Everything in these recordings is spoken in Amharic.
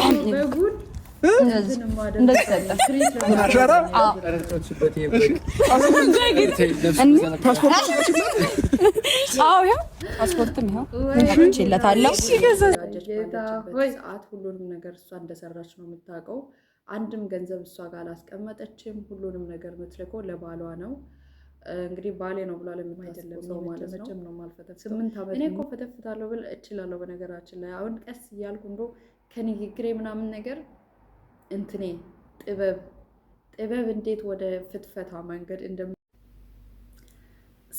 ሰዓት ሁሉንም ነገር እሷ እንደሰራች ነው የምታውቀው። አንድም ገንዘብ እሷ ጋር አላስቀመጠችም። ሁሉንም ነገር የምትልከው ለባሏ ነው። እንግዲህ ባሌ ነው ብሏል የሚታሰብ ሰው ማለት ነው። ስምንት ዓመት እኔ እኮ ፈተፍታለሁ ብል እችላለሁ። በነገራችን ላይ አሁን ቀስ እያልኩ እንደው ከንግግሬ ምናምን ነገር እንትኔ ጥበብ ጥበብ እንዴት ወደ ፍትፈታ መንገድ እንደ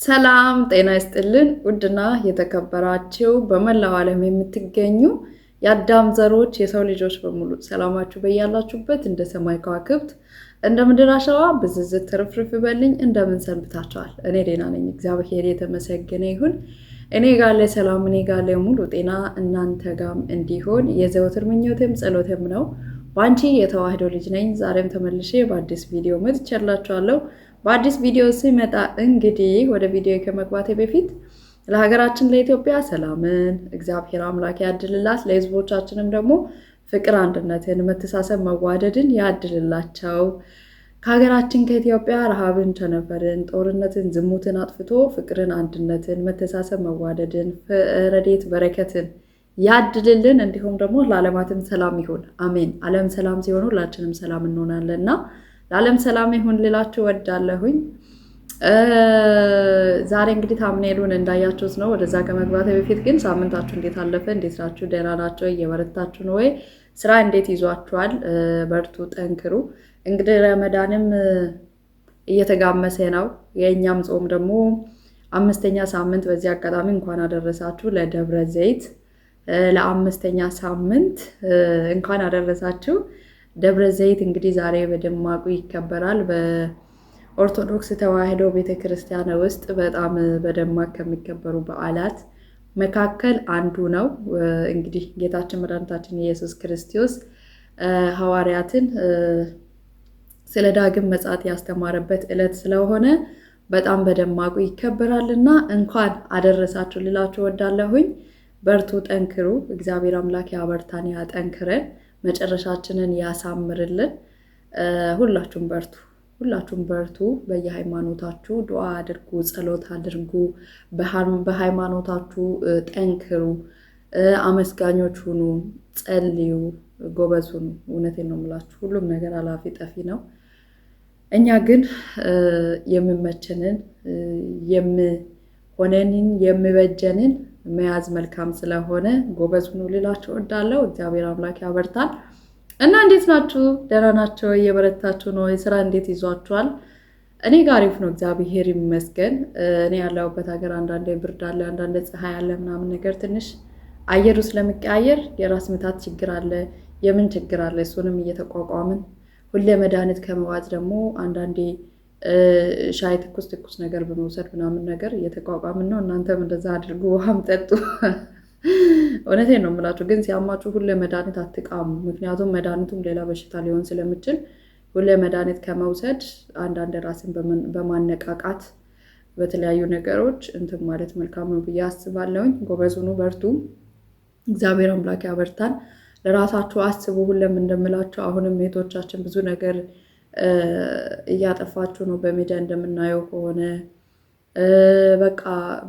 ሰላም ጤና ይስጥልን። ውድና የተከበራችሁ በመላው ዓለም የምትገኙ የአዳም ዘሮች የሰው ልጆች በሙሉ ሰላማችሁ በያላችሁበት እንደ ሰማይ ከዋክብት እንደ ምድር አሸዋ ብዝዝት ትርፍርፍ ይበልኝ። እንደምን ሰንብታችኋል? እኔ ዴና ነኝ፣ እግዚአብሔር የተመሰገነ ይሁን። እኔ ጋለ ሰላም እኔ ጋለ ሙሉ ጤና እናንተ ጋም እንዲሆን የዘወትር ምኞትም ጸሎትም ነው። ባንቺ የተዋህዶ ልጅ ነኝ። ዛሬም ተመልሼ በአዲስ ቪዲዮ መጥቻላችኋለሁ። በአዲስ ቪዲዮ ሲመጣ እንግዲህ ወደ ቪዲዮ ከመግባቴ በፊት ለሀገራችን ለኢትዮጵያ ሰላምን እግዚአብሔር አምላክ ያድልላት፣ ለህዝቦቻችንም ደግሞ ፍቅር፣ አንድነትን፣ መተሳሰብ፣ መዋደድን ያድልላቸው ከሀገራችን ከኢትዮጵያ ረሃብን ቸነፈርን፣ ጦርነትን፣ ዝሙትን አጥፍቶ ፍቅርን፣ አንድነትን፣ መተሳሰብ፣ መዋደድን፣ ረዴት በረከትን ያድልልን። እንዲሁም ደግሞ ለዓለማትን ሰላም ይሁን አሜን። ዓለም ሰላም ሲሆን ሁላችንም ሰላም እንሆናለን እና ለዓለም ሰላም ይሁን ልላችሁ ወዳለሁኝ። ዛሬ እንግዲህ ታምኔሉን እንዳያችሁት ነው። ወደዛ ከመግባት በፊት ግን ሳምንታችሁ እንዴት አለፈ? እንዴት ናችሁ? ደህና ናቸው? እየበረታችሁ ነው ወይ? ስራ እንዴት ይዟችኋል? በርቱ፣ ጠንክሩ። እንግዲህ ረመዳንም እየተጋመሰ ነው። የእኛም ጾም ደግሞ አምስተኛ ሳምንት። በዚህ አጋጣሚ እንኳን አደረሳችሁ ለደብረ ዘይት ለአምስተኛ ሳምንት እንኳን አደረሳችሁ። ደብረ ዘይት እንግዲህ ዛሬ በደማቁ ይከበራል። በኦርቶዶክስ ተዋሕዶ ቤተክርስቲያን ውስጥ በጣም በደማቅ ከሚከበሩ በዓላት መካከል አንዱ ነው። እንግዲህ ጌታችን መድኃኒታችን ኢየሱስ ክርስቶስ ሐዋርያትን ስለ ዳግም ምጽአት ያስተማረበት ዕለት ስለሆነ በጣም በደማቁ ይከበራልና እንኳን አደረሳችሁ ልላችሁ ወዳለሁኝ። በርቱ፣ ጠንክሩ። እግዚአብሔር አምላክ ያበርታን፣ ያጠንክረን፣ መጨረሻችንን ያሳምርልን። ሁላችሁም በርቱ፣ ሁላችሁም በርቱ። በየሃይማኖታችሁ ዱዓ አድርጉ፣ ጸሎት አድርጉ። በሃይማኖታችሁ ጠንክሩ፣ አመስጋኞች ሁኑ፣ ጸልዩ። ጎበዝ ሁኑ። እውነቴን ነው የምላችሁ፣ ሁሉም ነገር አላፊ ጠፊ ነው። እኛ ግን የምመቸንን የምሆነንን የምበጀንን መያዝ መልካም ስለሆነ ጎበዝ ሁኑ ልላችሁ እወዳለሁ። እግዚአብሔር አምላክ ያበርታል እና እንዴት ናችሁ? ደህና ናቸው? እየበረታችሁ ነው? የስራ እንዴት ይዟችኋል? እኔ ጋር አሪፍ ነው፣ እግዚአብሔር ይመስገን። እኔ ያለሁበት ሀገር አንዳንድ ብርድ አለ፣ አንዳንድ ፀሐይ አለ ምናምን ነገር ትንሽ አየሩ ስለምቀያየር የራስ ምታት ችግር አለ። የምን ችግር አለ? እሱንም እየተቋቋምን ሁሌ መድኃኒት ከመዋዝ ደግሞ አንዳንዴ ሻይ ትኩስ ትኩስ ነገር በመውሰድ ምናምን ነገር እየተቋቋምን ነው። እናንተም እንደዛ አድርጉ፣ ውሃም ጠጡ። እውነቴን ነው የምላችሁ። ግን ሲያማችሁ ሁሌ መድኃኒት አትቃሙ። ምክንያቱም መድኃኒቱም ሌላ በሽታ ሊሆን ስለምችል ሁሌ መድኃኒት ከመውሰድ አንዳንድ ራስን በማነቃቃት በተለያዩ ነገሮች እንትን ማለት መልካም ነው ብዬ አስባለሁኝ። ጎበዝ ሁኑ፣ በርቱ። እግዚአብሔር አምላክ ያበርታል። ለራሳችሁ አስቡ። ሁለም እንደምላቸው አሁንም ቤቶቻችን ብዙ ነገር እያጠፋችሁ ነው። በሚዲያ እንደምናየው ከሆነ በቃ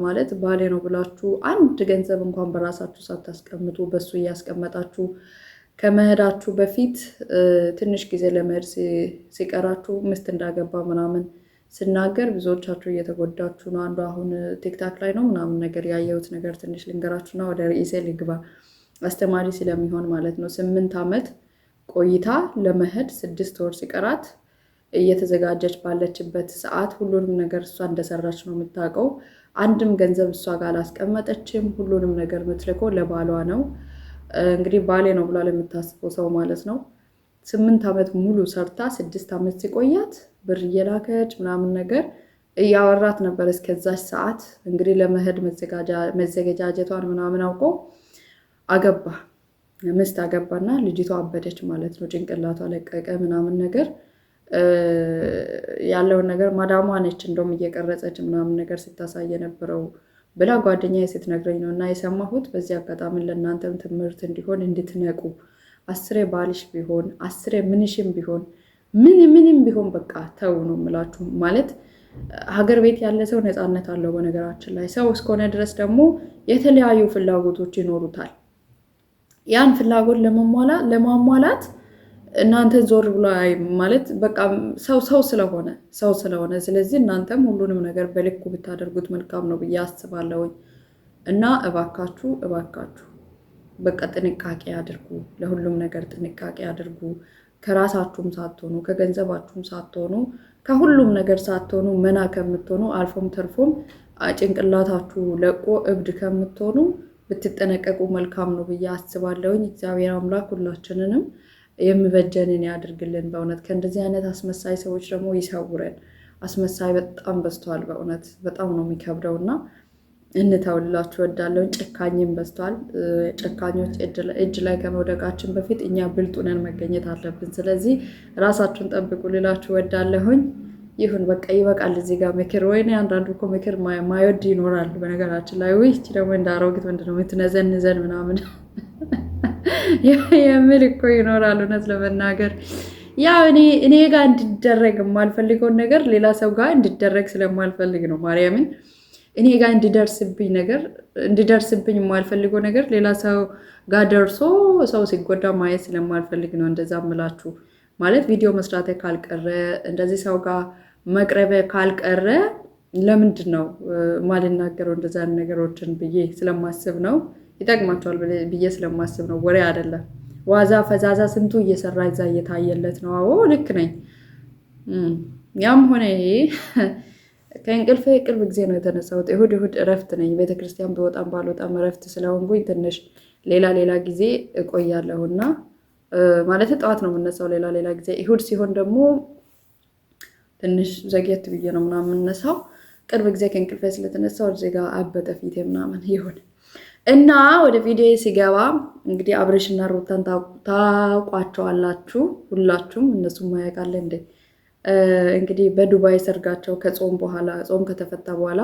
ማለት ባሌ ነው ብላችሁ አንድ ገንዘብ እንኳን በራሳችሁ ሳታስቀምጡ በሱ እያስቀመጣችሁ ከመሄዳችሁ በፊት ትንሽ ጊዜ ለመሄድ ሲቀራችሁ ሚስት እንዳገባ ምናምን ስናገር ብዙዎቻችሁ እየተጎዳችሁ ነው። አንዱ አሁን ቲክታክ ላይ ነው ምናምን ነገር ያየሁት ነገር ትንሽ ልንገራችሁና ወደ ርዕሴ ልግባ። አስተማሪ ስለሚሆን ማለት ነው። ስምንት ዓመት ቆይታ ለመሄድ ስድስት ወር ሲቀራት እየተዘጋጀች ባለችበት ሰዓት ሁሉንም ነገር እሷ እንደሰራች ነው የምታውቀው። አንድም ገንዘብ እሷ ጋር አላስቀመጠችም። ሁሉንም ነገር የምትልከው ለባሏ ነው። እንግዲህ ባሌ ነው ብላ የምታስበው ሰው ማለት ነው። ስምንት ዓመት ሙሉ ሰርታ ስድስት ዓመት ሲቆያት ብር እየላከች ምናምን ነገር እያወራት ነበር። እስከዛች ሰዓት እንግዲህ ለመሄድ መዘጋጀቷን ምናምን አውቀው አገባ ምስት አገባና ልጅቷ አበደች ማለት ነው። ጭንቅላቷ ለቀቀ ምናምን ነገር ያለውን ነገር ማዳሟ ነች እንደውም እየቀረጸች ምናምን ነገር ስታሳይ የነበረው ብላ ጓደኛ ነግረኝ ነው እና የሰማሁት። በዚህ አጋጣሚ ለእናንተም ትምህርት እንዲሆን እንድትነቁ፣ አስሬ ባልሽ ቢሆን አስሬ ምንሽም ቢሆን ምን ምንም ቢሆን በቃ ተው ነው የምላችሁ ማለት ሀገር ቤት ያለ ሰው ነፃነት አለው። በነገራችን ላይ ሰው እስከሆነ ድረስ ደግሞ የተለያዩ ፍላጎቶች ይኖሩታል። ያን ፍላጎት ለማሟላት እናንተ ዞር ብሎ ማለት በቃ ሰው ሰው ስለሆነ ሰው ስለሆነ ስለዚህ እናንተም ሁሉንም ነገር በልኩ ብታደርጉት መልካም ነው ብዬ አስባለሁኝ። እና እባካችሁ እባካችሁ በቃ ጥንቃቄ አድርጉ፣ ለሁሉም ነገር ጥንቃቄ አድርጉ። ከራሳችሁም ሳትሆኑ ከገንዘባችሁም ሳትሆኑ ከሁሉም ነገር ሳትሆኑ መና ከምትሆኑ አልፎም ተርፎም ጭንቅላታችሁ ለቆ እብድ ከምትሆኑ ብትጠነቀቁ መልካም ነው ብዬ አስባለሁኝ። እግዚአብሔር አምላክ ሁላችንንም የሚበጀንን ያድርግልን። በእውነት ከእንደዚህ አይነት አስመሳይ ሰዎች ደግሞ ይሰውረን። አስመሳይ በጣም በዝቷል። በእውነት በጣም ነው የሚከብደው እና እንተውልላችሁ ወዳለውን ጨካኝም በዝቷል። ጨካኞች እጅ ላይ ከመውደቃችን በፊት እኛ ብልጡነን መገኘት አለብን። ስለዚህ ራሳችሁን ጠብቁ ልላችሁ ወዳለሁኝ። ይሁን በቃ ይበቃል። እዚህ ጋር ምክር ወይ አንዳንዱ እኮ ምክር ማይወድ ይኖራል። በነገራችን ላይ ይቺ ደግሞ እንደ አሮጊት ወንድ ነው የምትነዘንዘን ምናምን የምል እኮ ይኖራል። እውነት ለመናገር ያው እኔ ጋር እንዲደረግ የማልፈልገውን ነገር ሌላ ሰው ጋር እንዲደረግ ስለማልፈልግ ነው ማርያምን እኔ ጋር እንዲደርስብኝ ነገር እንዲደርስብኝ የማልፈልገው ነገር ሌላ ሰው ጋር ደርሶ ሰው ሲጎዳ ማየት ስለማልፈልግ ነው እንደዛ ምላችሁ። ማለት ቪዲዮ መስራት ካልቀረ እንደዚህ ሰው ጋር መቅረበ ካልቀረ ለምንድን ነው ማልናገረው እንደዛ ነገሮችን ብዬ ስለማስብ ነው። ይጠቅማቸዋል ብዬ ስለማስብ ነው። ወሬ አይደለም ዋዛ ፈዛዛ ስንቱ እየሰራ እዛ እየታየለት ነው። አዎ ልክ ነኝ። ያም ሆነ ይሄ ከእንቅልፌ ቅርብ ጊዜ ነው የተነሳሁት። እሁድ እሁድ እረፍት ነኝ። ቤተክርስቲያን በወጣም ባልወጣም እረፍት ስለሆንኩኝ ትንሽ ሌላ ሌላ ጊዜ እቆያለሁና ማለት ጠዋት ነው የምነሳው። ሌላ ሌላ ጊዜ እሁድ ሲሆን ደግሞ ትንሽ ዘግየት ብዬ ነው ምናምን የምነሳው። ቅርብ ጊዜ ከእንቅልፌ ስለተነሳው እዚህ ጋር አበጠ ፊቴ ምናምን ይሁን እና ወደ ቪዲዮ ሲገባ እንግዲህ እና ሩታን ታውቋቸዋላችሁ ሁላችሁም። እነሱ ማያውቃለ እንደ እንግዲህ በዱባይ ሰርጋቸው ከጾም በኋላ ጾም ከተፈታ በኋላ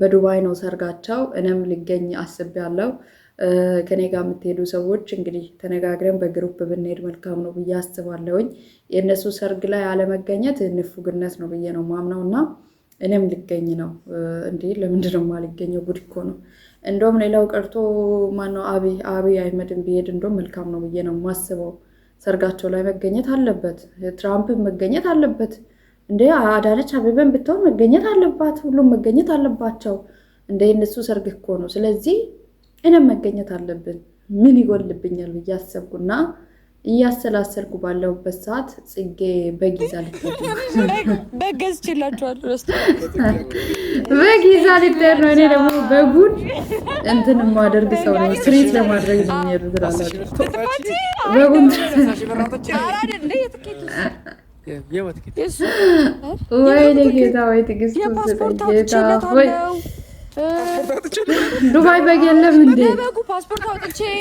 በዱባይ ነው ሰርጋቸው። እኔም ልገኝ አስቤያለሁ። ከኔ ጋር የምትሄዱ ሰዎች እንግዲህ ተነጋግረን በግሩፕ ብንሄድ መልካም ነው ብዬ አስባለሁኝ። የእነሱ ሰርግ ላይ አለመገኘት ንፉግነት ነው ብዬ ነው ማምነው እና እኔም ልገኝ ነው እንዲ ለምንድን ነው የማልገኘው? ጉድ እኮ ነው። እንደውም ሌላው ቀርቶ ማነው አብይ አብይ አህመድን ቢሄድ እንደውም መልካም ነው ብዬ ነው ማስበው ሰርጋቸው ላይ መገኘት አለበት። ትራምፕ መገኘት አለበት። እንደ አዳነች አቤበን ብትሆን መገኘት አለባት። ሁሉም መገኘት አለባቸው። እንደ እነሱ ሰርግ እኮ ነው። ስለዚህ እኔም መገኘት አለብን ምን ይጎልብኛል ብዬ አሰብኩና እያሰላሰልኩ ባለሁበት ሰዓት ጽጌ በጊዛ ልበገዝ ችላቸዋል በጊዛ ልትሄድ ነው። እኔ ደግሞ በጉድ እንትን የማደርግ ሰው ነው። ስሪት ለማድረግ ነው የሚሄዱት ላላቸው። ወይኔ ጌታ ወይ ትዕግስት ጌታ ወይ ዱባይ በግ የለም እንዴ?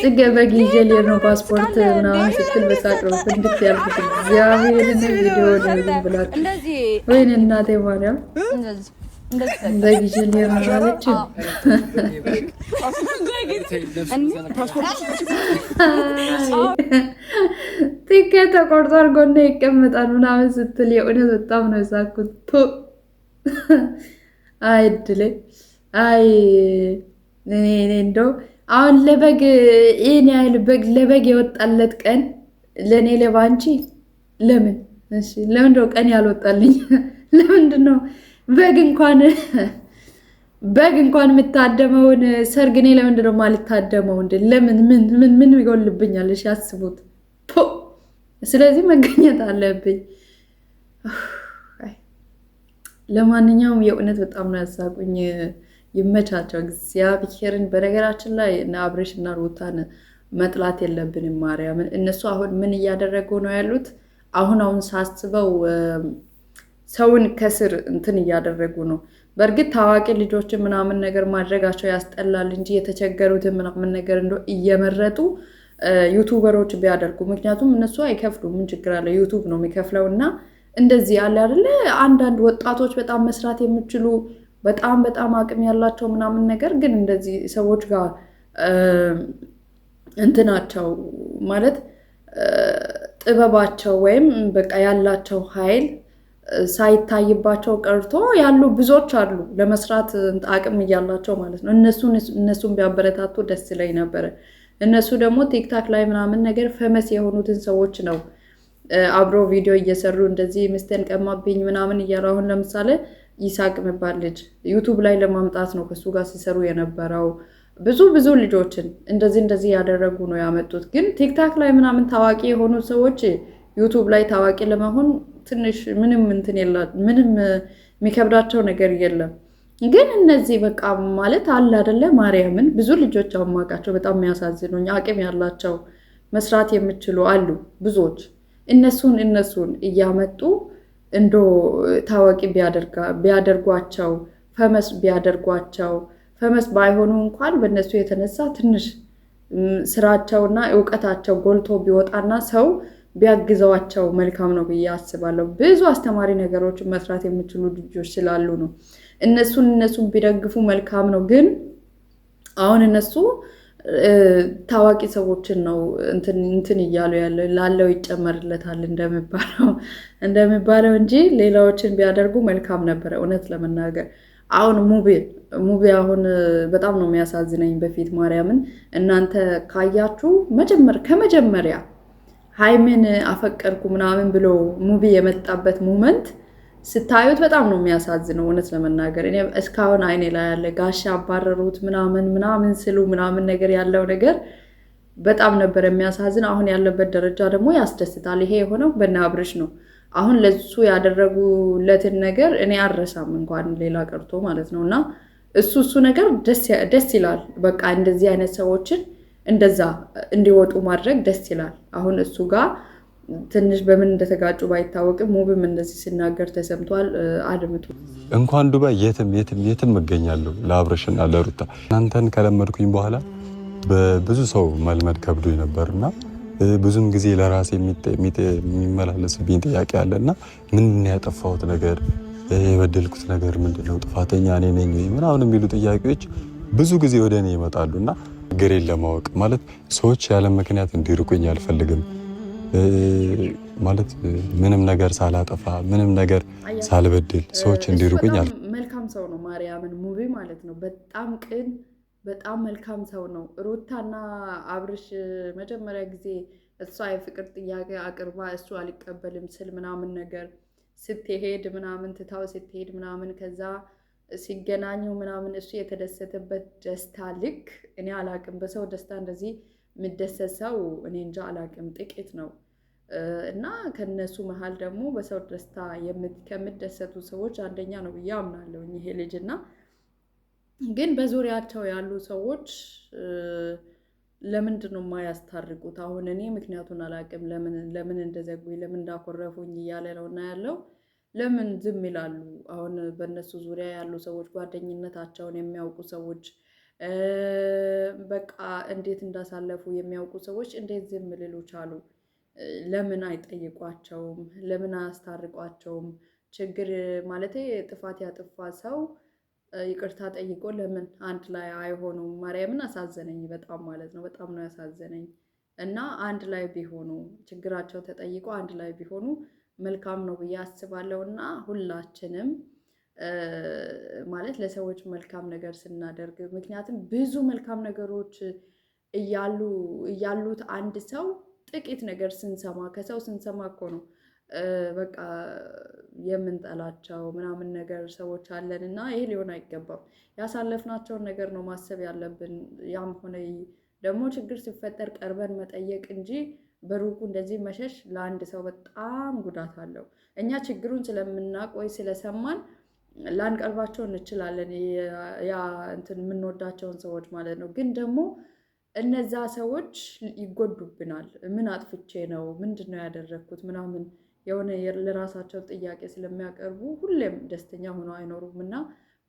ጽጌ በግ ይዤ ልሄድ ነው ፓስፖርት ምናምን ስትል በሳቅ ነው ፍንድት ያልኩት። እግዚአብሔርን ቪዲዮ ነው ብላችሁ ወይኔ እናቴ ማርያም በግ ይዤ ልሄድ ነው አለች። ትኬት ተቆርጧል፣ ጎና ይቀመጣል ምናምን ስትል የእውነት በጣም ነው የሳኩት። ቶ አይድለኝ አይ እኔ እንደው አሁን ለበግ ይህን ያህል በግ ለበግ የወጣለት ቀን ለእኔ ለባንቺ ለምን ለምን ቀን ያልወጣልኝ? ለምንድን ነው በግ እንኳን በግ እንኳን የምታደመውን ሰርግ እኔ ለምንድን ነው የማልታደመው? እንደ ለምን ምን ምን ምን ይጎልብኛል? እሺ አስቡት። ስለዚህ መገኘት አለብኝ። ለማንኛውም የእውነት በጣም ነው ያሳቁኝ። ይመቻቸው እግዚአብሔርን። በነገራችን ላይ እነ አብርሽ እና ሩታን መጥላት የለብንም ማርያምን። እነሱ አሁን ምን እያደረጉ ነው ያሉት? አሁን አሁን ሳስበው ሰውን ከስር እንትን እያደረጉ ነው። በእርግጥ ታዋቂ ልጆችን ምናምን ነገር ማድረጋቸው ያስጠላል እንጂ የተቸገሩትን ምናምን ነገር እንደ እየመረጡ ዩቱበሮች ቢያደርጉ ምክንያቱም እነሱ አይከፍሉም። ምን ችግር አለ? ዩቱብ ነው የሚከፍለው። እና እንደዚህ ያለ አይደለ አንዳንድ ወጣቶች በጣም መስራት የሚችሉ በጣም በጣም አቅም ያላቸው ምናምን ነገር ግን እንደዚህ ሰዎች ጋር እንትናቸው ማለት ጥበባቸው ወይም በቃ ያላቸው ኃይል ሳይታይባቸው ቀርቶ ያሉ ብዙዎች አሉ፣ ለመስራት አቅም እያላቸው ማለት ነው። እነሱን እነሱን ቢያበረታቱ ደስ ይለኝ ነበረ። እነሱ ደግሞ ቲክታክ ላይ ምናምን ነገር ፈመስ የሆኑትን ሰዎች ነው አብሮ ቪዲዮ እየሰሩ እንደዚህ ምስቴን ቀማብኝ ምናምን እያሉ አሁን ለምሳሌ ይሳቅ የሚባል ልጅ ዩቱብ ላይ ለማምጣት ነው ከሱ ጋር ሲሰሩ የነበረው። ብዙ ብዙ ልጆችን እንደዚህ እንደዚህ ያደረጉ ነው ያመጡት። ግን ቲክታክ ላይ ምናምን ታዋቂ የሆኑ ሰዎች ዩቱብ ላይ ታዋቂ ለመሆን ትንሽ ምንም እንትን ምንም የሚከብዳቸው ነገር የለም። ግን እነዚህ በቃ ማለት አለ አደለ ማርያምን ብዙ ልጆች አማቃቸው በጣም የሚያሳዝኑኝ አቅም ያላቸው መስራት የሚችሉ አሉ ብዙዎች። እነሱን እነሱን እያመጡ እንዶ ታዋቂ ቢያደርጓቸው ፈመስ ቢያደርጓቸው ፈመስ ባይሆኑ እንኳን በእነሱ የተነሳ ትንሽ ስራቸውና እውቀታቸው ጎልቶ ቢወጣና ሰው ቢያግዘዋቸው መልካም ነው ብዬ አስባለሁ። ብዙ አስተማሪ ነገሮችን መስራት የሚችሉ ልጆች ስላሉ ነው። እነሱን እነሱን ቢደግፉ መልካም ነው። ግን አሁን እነሱ ታዋቂ ሰዎችን ነው እንትን እያሉ ያለው ላለው ይጨመርለታል እንደሚባለው እንደሚባለው እንጂ ሌላዎችን ቢያደርጉ መልካም ነበረ። እውነት ለመናገር አሁን ሙቤ ሙቤ አሁን በጣም ነው የሚያሳዝነኝ። በፊት ማርያምን እናንተ ካያችሁ መጀመር ከመጀመሪያ ሃይሜን አፈቀርኩ ምናምን ብሎ ሙቤ የመጣበት ሙመንት ስታዩት በጣም ነው የሚያሳዝነው። እውነት ለመናገር እኔ እስካሁን አይኔ ላይ ያለ ጋሻ አባረሩት ምናምን ምናምን ስሉ ምናምን ነገር ያለው ነገር በጣም ነበር የሚያሳዝን። አሁን ያለበት ደረጃ ደግሞ ያስደስታል። ይሄ የሆነው በእነ አብርሽ ነው። አሁን ለሱ ያደረጉለትን ነገር እኔ አረሳም እንኳን ሌላ ቀርቶ ማለት ነው። እና እሱ እሱ ነገር ደስ ይላል። በቃ እንደዚህ አይነት ሰዎችን እንደዛ እንዲወጡ ማድረግ ደስ ይላል። አሁን እሱ ጋር ትንሽ በምን እንደተጋጩ ባይታወቅም ሙብም እንደዚህ ሲናገር ተሰምቷል። አድምቱ። እንኳን ዱባይ የትም የትም የትም እገኛለሁ ለአብረሽና ለሩታ እናንተን ከለመድኩኝ በኋላ በብዙ ሰው መልመድ ከብዶኝ እና ብዙም ጊዜ ለራሴ የሚመላለስብኝ ጥያቄ እና ምንድን ያጠፋሁት ነገር የበደልኩት ነገር ምንድነው? ጥፋተኛ እኔ ነኝ ምናምን የሚሉ ጥያቄዎች ብዙ ጊዜ ወደ እኔ ይመጣሉና ግሬን ለማወቅ ማለት ሰዎች ያለ ምክንያት እንዲርቁኝ አልፈልግም። ማለት ምንም ነገር ሳላጠፋ ምንም ነገር ሳልበድል ሰዎች እንዲሩቁኝ አለ። መልካም ሰው ነው ማርያምን ሙቪ ማለት ነው። በጣም ቅን፣ በጣም መልካም ሰው ነው። ሩታና አብርሽ መጀመሪያ ጊዜ እሷ የፍቅር ጥያቄ አቅርባ እሱ አልቀበልም ስል ምናምን ነገር ስትሄድ ምናምን ትታው ስትሄድ ምናምን ከዛ ሲገናኙ ምናምን እሱ የተደሰተበት ደስታ ልክ እኔ አላቅም በሰው ደስታ እንደዚህ የምደሰት ሰው እኔ እንጃ አላቅም፣ ጥቂት ነው እና ከነሱ መሀል ደግሞ በሰው ደስታ ከምደሰቱ ሰዎች አንደኛ ነው ብዬ አምናለሁ ይሄ ልጅ እና ግን በዙሪያቸው ያሉ ሰዎች ለምንድን ነው የማያስታርቁት? አሁን እኔ ምክንያቱን አላቅም፣ ለምን እንደዘጉኝ ለምን እንዳኮረፉኝ እያለ ነው እና ያለው ለምን ዝም ይላሉ? አሁን በእነሱ ዙሪያ ያሉ ሰዎች ጓደኝነታቸውን የሚያውቁ ሰዎች በቃ እንዴት እንዳሳለፉ የሚያውቁ ሰዎች እንዴት ዝም ልሉ ቻሉ? ለምን አይጠይቋቸውም? ለምን አያስታርቋቸውም? ችግር ማለት ጥፋት ያጠፋ ሰው ይቅርታ ጠይቆ ለምን አንድ ላይ አይሆኑም? ማርያምን አሳዘነኝ በጣም ማለት ነው። በጣም ነው ያሳዘነኝ። እና አንድ ላይ ቢሆኑ ችግራቸው ተጠይቆ አንድ ላይ ቢሆኑ መልካም ነው ብዬ አስባለሁ እና ሁላችንም ማለት ለሰዎች መልካም ነገር ስናደርግ፣ ምክንያቱም ብዙ መልካም ነገሮች እያሉት አንድ ሰው ጥቂት ነገር ስንሰማ ከሰው ስንሰማ እኮ ነው በቃ የምንጠላቸው ምናምን ነገር ሰዎች አለን እና ይሄ ሊሆን አይገባም። ያሳለፍናቸውን ነገር ነው ማሰብ ያለብን። ያም ሆነ ደግሞ ችግር ሲፈጠር ቀርበን መጠየቅ እንጂ በሩቁ እንደዚህ መሸሽ ለአንድ ሰው በጣም ጉዳት አለው። እኛ ችግሩን ስለምናውቅ ወይ ስለሰማን ላንቀርባቸው እንችላለን፣ ያ እንትን የምንወዳቸውን ሰዎች ማለት ነው። ግን ደግሞ እነዛ ሰዎች ይጎዱብናል። ምን አጥፍቼ ነው? ምንድን ነው ያደረግኩት? ምናምን የሆነ ለራሳቸው ጥያቄ ስለሚያቀርቡ ሁሌም ደስተኛ ሆነው አይኖሩም እና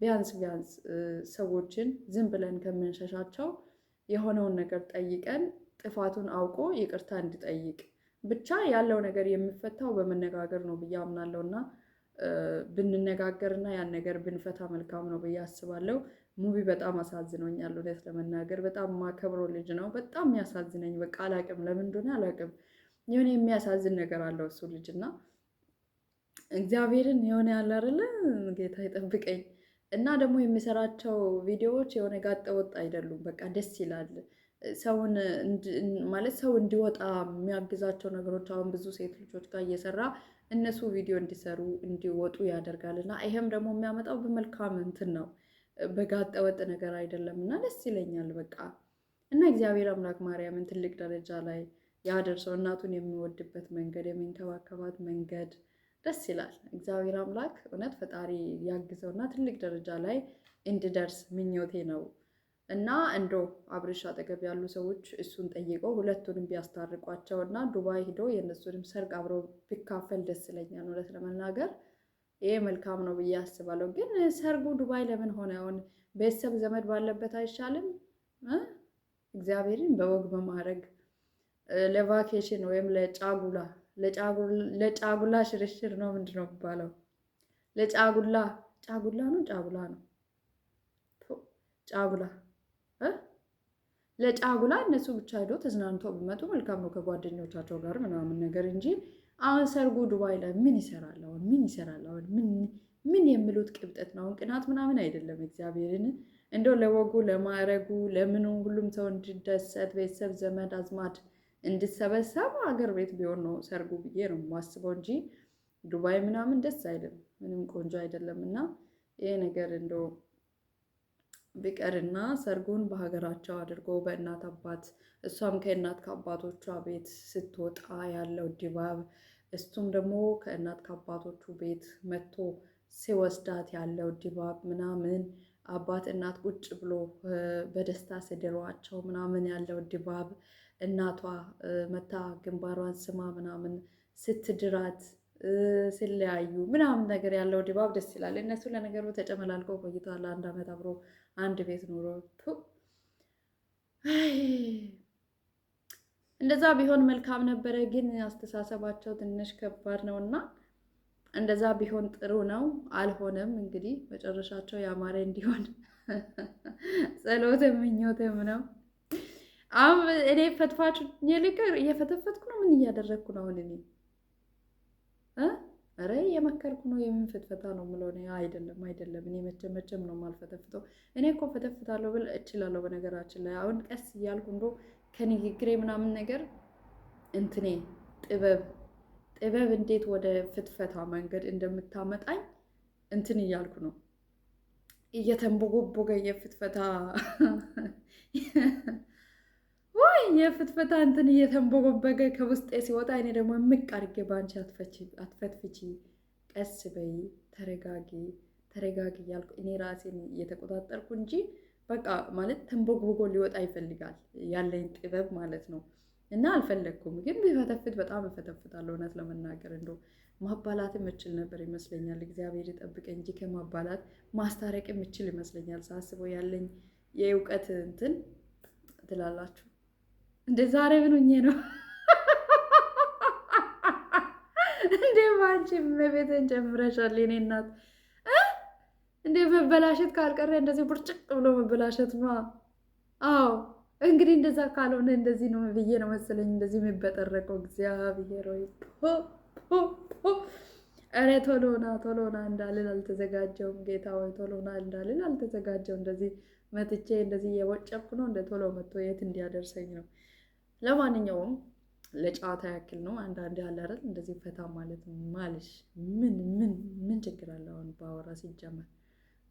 ቢያንስ ቢያንስ ሰዎችን ዝም ብለን ከምንሸሻቸው የሆነውን ነገር ጠይቀን ጥፋቱን አውቆ ይቅርታ እንዲጠይቅ ብቻ ያለው ነገር የሚፈታው በመነጋገር ነው ብዬ አምናለሁ እና ብንነጋገር እና ያን ነገር ብንፈታ መልካም ነው ብዬ አስባለሁ። ሙቪ በጣም አሳዝኖኛል። እውነት ለመናገር በጣም ማከብሮ ልጅ ነው። በጣም የሚያሳዝነኝ በቃ አላቅም፣ ለምን እንደሆነ አላቅም። የሆነ የሚያሳዝን ነገር አለው እሱ ልጅ እና እግዚአብሔርን የሆነ ያለ አይደለ ጌታ ይጠብቀኝ እና ደግሞ የሚሰራቸው ቪዲዮዎች የሆነ ጋጠ ወጥ አይደሉም። በቃ ደስ ይላል። ሰውን ማለት ሰው እንዲወጣ የሚያግዛቸው ነገሮች አሁን ብዙ ሴት ልጆች ጋር እየሰራ እነሱ ቪዲዮ እንዲሰሩ እንዲወጡ ያደርጋል እና ይሄም ደግሞ የሚያመጣው በመልካም እንትን ነው፣ በጋጠ ወጥ ነገር አይደለም እና ደስ ይለኛል በቃ እና እግዚአብሔር አምላክ ማርያምን ትልቅ ደረጃ ላይ ያደርሰው። እናቱን የሚወድበት መንገድ፣ የሚንከባከባት መንገድ ደስ ይላል። እግዚአብሔር አምላክ እውነት ፈጣሪ ያግዘው እና ትልቅ ደረጃ ላይ እንድደርስ ምኞቴ ነው። እና እንዶ አብርሽ አጠገብ ያሉ ሰዎች እሱን ጠይቀው ሁለቱንም ቢያስታርቋቸው እና ዱባይ ሂዶ የእነሱንም ሰርግ አብሮ ቢካፈል ደስ ይለኛል። እውነት ለመናገር ይሄ መልካም ነው ብዬ አስባለሁ። ግን ሰርጉ ዱባይ ለምን ሆነ? አሁን ቤተሰብ ዘመድ ባለበት አይሻልም? እግዚአብሔርን በወግ በማድረግ ለቫኬሽን ወይም ለጫጉላ ለጫጉላ ሽርሽር ነው ምንድን ነው የሚባለው? ለጫጉላ ጫጉላ ነው ጫጉላ ነው ጫጉላ ለጫጉላ እነሱ ብቻ ሄዶ ተዝናንተው ቢመጡ መልካም ነው ከጓደኞቻቸው ጋር ምናምን ነገር እንጂ አሁን ሰርጉ ዱባይ ላይ ምን ይሰራል? አሁን ምን ይሰራል? አሁን ምን የሚሉት ቅብጠት ነው? አሁን ቅናት ምናምን አይደለም። እግዚአብሔርን እንደው ለወጉ ለማረጉ ለምኑ ሁሉም ሰው እንዲደሰት ቤተሰብ ዘመድ አዝማድ እንድሰበሰብ አገር ቤት ቢሆን ነው ሰርጉ ብዬ ነው የማስበው እንጂ ዱባይ ምናምን ደስ አይልም፣ ምንም ቆንጆ አይደለም። እና ይሄ ነገር እንደው ቢቀርና ሰርጉን በሀገራቸው አድርጎ በእናት አባት እሷም ከእናት ከአባቶቿ ቤት ስትወጣ ያለው ድባብ እሱም ደግሞ ከእናት ከአባቶቹ ቤት መጥቶ ሲወስዳት ያለው ድባብ ምናምን አባት እናት ቁጭ ብሎ በደስታ ሲድሯቸው ምናምን ያለው ድባብ እናቷ መታ ግንባሯን ስማ ምናምን ስትድራት ሲለያዩ ምናምን ነገር ያለው ድባብ ደስ ይላል። እነሱ ለነገሩ ተጨመላልቀው ቆይተዋል። አንድ ዓመት አብሮ አንድ ቤት ኑሮ እንደዛ ቢሆን መልካም ነበረ። ግን አስተሳሰባቸው ትንሽ ከባድ ነው እና እንደዛ ቢሆን ጥሩ ነው። አልሆነም። እንግዲህ መጨረሻቸው ያማረ እንዲሆን ጸሎትም ምኞትም ነው። አሁን እኔ ፈትፋችሁ ልቅር እየፈተፈትኩ ነው። ምን እያደረግኩ ነው አሁን እኔ ኧረ የመከርኩ ነው የምን ፍትፈታ ነው የምለው እኔ አይደለም አይደለም እኔ መቼ መቼም ነው የማልፈተፍተው እኔ እኮ ፈተፍታለሁ ብል እችላለሁ በነገራችን ላይ አሁን ቀስ እያልኩ እንዶ ከንግግሬ ምናምን ነገር እንትኔ ጥበብ ጥበብ እንዴት ወደ ፍትፈታ መንገድ እንደምታመጣኝ እንትን እያልኩ ነው እየተንቦጎቦገ የፍትፈታ የፍትፈታ እንትን እየተንቦጎበገ ከውስጤ ሲወጣ እኔ ደግሞ ምቅ አድርጌ በአንቺ አትፈትፍቺ፣ ቀስ በይ፣ ተረጋጊ፣ ተረጋጊ እያልኩ እኔ ራሴን እየተቆጣጠርኩ እንጂ በቃ ማለት ተንቦግቦጎ ሊወጣ ይፈልጋል ያለኝ ጥበብ ማለት ነው። እና አልፈለግኩም፣ ግን ቢፈተፍት በጣም እፈተፍታለሁ። እውነት ለመናገር እንዶ ማባላት እችል ነበር ይመስለኛል። እግዚአብሔር ይጠብቀ እንጂ ከማባላት ማስታረቅ እችል ይመስለኛል ሳስበው ያለኝ የእውቀት እንትን ትላላችሁ እንደ ዛሬ ምን ሆኜ ነው እንዴ? ባንቺ መቤትን ጨምረሻል የኔ እናት። እንዴ መበላሸት ካልቀረ እንደዚህ ብርጭቅ ብሎ መበላሸት ነ አዎ እንግዲህ እንደዛ ካልሆነ እንደዚህ ነው ብዬ ነው መሰለኝ እንደዚህ የሚበጠረቀው። እግዚአብሔር ወይ እረ ቶሎና ቶሎና እንዳልል አልተዘጋጀውም። ጌታ ወይ ቶሎና እንዳልል አልተዘጋጀው። እንደዚህ መትቼ እንደዚህ እየቦጨኩ ነው እንደ ቶሎ መቶ የት እንዲያደርሰኝ ነው ለማንኛውም ለጨዋታ ያክል ነው። አንዳንድ ያለ እንደዚህ ፈታ ማለት ማለሽ ምን ምን ምን ችግር አለ አሁን በአወራ ሲጀመር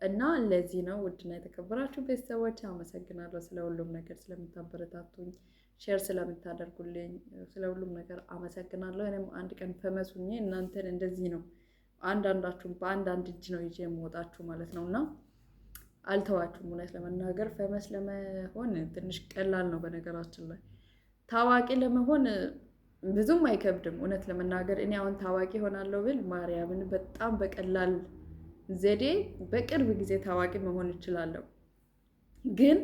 እና ለዚህ ነው ውድና የተከበራችሁ ቤተሰቦች አመሰግናለሁ። ስለ ሁሉም ነገር ስለምታበረታቱኝ፣ ሼር ስለምታደርጉልኝ፣ ስለ ሁሉም ነገር አመሰግናለሁ። እኔም አንድ ቀን ፈመሱኝ እናንተን እንደዚህ ነው አንዳንዳችሁም በአንዳንድ እጅ ነው ይዤ የምወጣችሁ ማለት ነው እና አልተዋችሁም። እውነት ለመናገር ፈመስ ለመሆን ትንሽ ቀላል ነው በነገራችን ላይ ታዋቂ ለመሆን ብዙም አይከብድም። እውነት ለመናገር እኔ አሁን ታዋቂ ሆናለሁ ብል ማርያምን በጣም በቀላል ዘዴ በቅርብ ጊዜ ታዋቂ መሆን እችላለሁ። ግን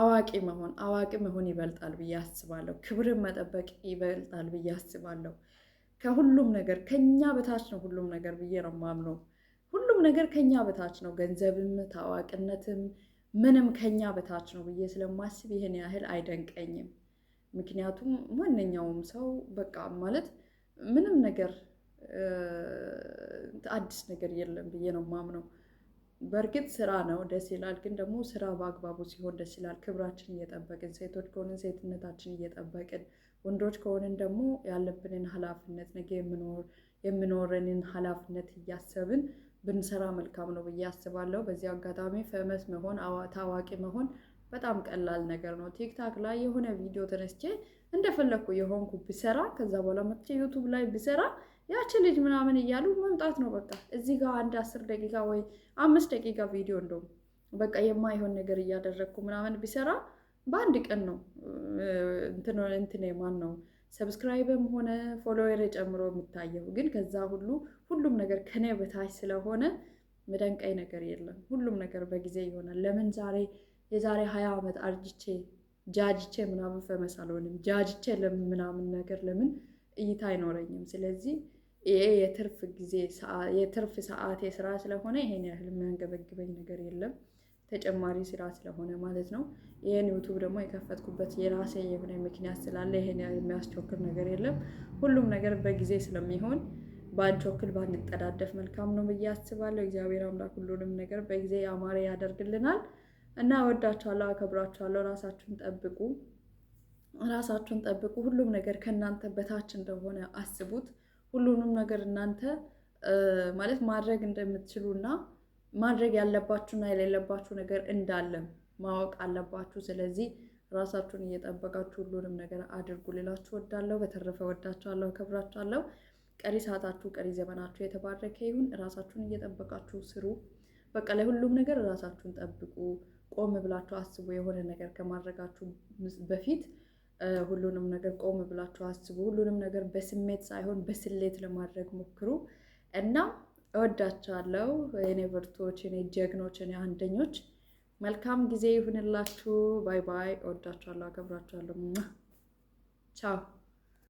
አዋቂ መሆን አዋቂ መሆን ይበልጣል ብዬ አስባለሁ። ክብርን መጠበቅ ይበልጣል ብዬ አስባለሁ። ከሁሉም ነገር ከኛ በታች ነው ሁሉም ነገር ብዬ ነው የማምነው። ሁሉም ነገር ከኛ በታች ነው፣ ገንዘብም ታዋቂነትም ምንም ከኛ በታች ነው ብዬ ስለማስብ ይህን ያህል አይደንቀኝም። ምክንያቱም ማንኛውም ሰው በቃ ማለት ምንም ነገር አዲስ ነገር የለም ብዬ ነው ማምነው። በእርግጥ ስራ ነው ደስ ይላል፣ ግን ደግሞ ስራ በአግባቡ ሲሆን ደስ ይላል። ክብራችን እየጠበቅን ሴቶች ከሆንን ሴትነታችን እየጠበቅን ወንዶች ከሆንን ደግሞ ያለብንን ኃላፊነት ነገ የምኖረንን ኃላፊነት እያሰብን ብንሰራ መልካም ነው ብዬ አስባለሁ። በዚህ አጋጣሚ ፈመስ መሆን ታዋቂ መሆን በጣም ቀላል ነገር ነው። ቲክታክ ላይ የሆነ ቪዲዮ ተነስቼ እንደፈለግኩ የሆንኩ ብሰራ ከዛ በኋላ መጥቼ ዩቱብ ላይ ብሰራ ያቺ ልጅ ምናምን እያሉ መምጣት ነው በቃ። እዚህ ጋር አንድ አስር ደቂቃ ወይ አምስት ደቂቃ ቪዲዮ እንደውም በቃ የማይሆን ነገር እያደረግኩ ምናምን ቢሰራ በአንድ ቀን ነው እንትን ማን ነው ሰብስክራይብም ሆነ ፎሎወር ጨምሮ የሚታየው። ግን ከዛ ሁሉ ሁሉም ነገር ከኔ በታች ስለሆነ መደንቀይ ነገር የለም። ሁሉም ነገር በጊዜ ይሆናል። ለምን ዛሬ የዛሬ ሀያ ዓመት አርጅቼ ጃጅቼ ምናምን ፈመስ አልሆንም። ጃጅቼ ምናምን ነገር ለምን እይታ አይኖረኝም? ስለዚህ ይሄ የትርፍ ጊዜ የትርፍ ሰዓት የስራ ስለሆነ ይሄን ያህል የሚያንገበግበኝ ነገር የለም። ተጨማሪ ስራ ስለሆነ ማለት ነው። ይህን ዩቱብ ደግሞ የከፈትኩበት የራሴ የሆነ ምክንያት ስላለ ይሄን ያህል ነገር የለም። ሁሉም ነገር በጊዜ ስለሚሆን ባንቸኩል ባንጠዳደፍ መልካም ነው ብዬ አስባለሁ። እግዚአብሔር አምላክ ሁሉንም ነገር በጊዜ ያማረ ያደርግልናል። እና እወዳችኋለሁ፣ አከብራችኋለሁ። ራሳችሁን ጠብቁ፣ ራሳችሁን ጠብቁ። ሁሉም ነገር ከእናንተ በታች እንደሆነ አስቡት። ሁሉንም ነገር እናንተ ማለት ማድረግ እንደምትችሉ እና ማድረግ ያለባችሁና የሌለባችሁ ነገር እንዳለም ማወቅ አለባችሁ። ስለዚህ ራሳችሁን እየጠበቃችሁ ሁሉንም ነገር አድርጉ ልላችሁ ወዳለሁ። በተረፈ ወዳችኋለሁ፣ አከብራችኋለሁ። ቀሪ ሰዓታችሁ፣ ቀሪ ዘመናችሁ የተባረከ ይሁን። ራሳችሁን እየጠበቃችሁ ስሩ። በቃ ላይ ሁሉም ነገር ራሳችሁን ጠብቁ። ቆም ብላችሁ አስቡ። የሆነ ነገር ከማድረጋችሁ በፊት ሁሉንም ነገር ቆም ብላችሁ አስቡ። ሁሉንም ነገር በስሜት ሳይሆን በስሌት ለማድረግ ሞክሩ እና እወዳችኋለሁ የኔ ብርቶች፣ የኔ ጀግኖች፣ የኔ አንደኞች። መልካም ጊዜ ይሁንላችሁ። ባይ ባይ። እወዳቸዋለሁ፣ አከብራቸዋለሁ። ቻው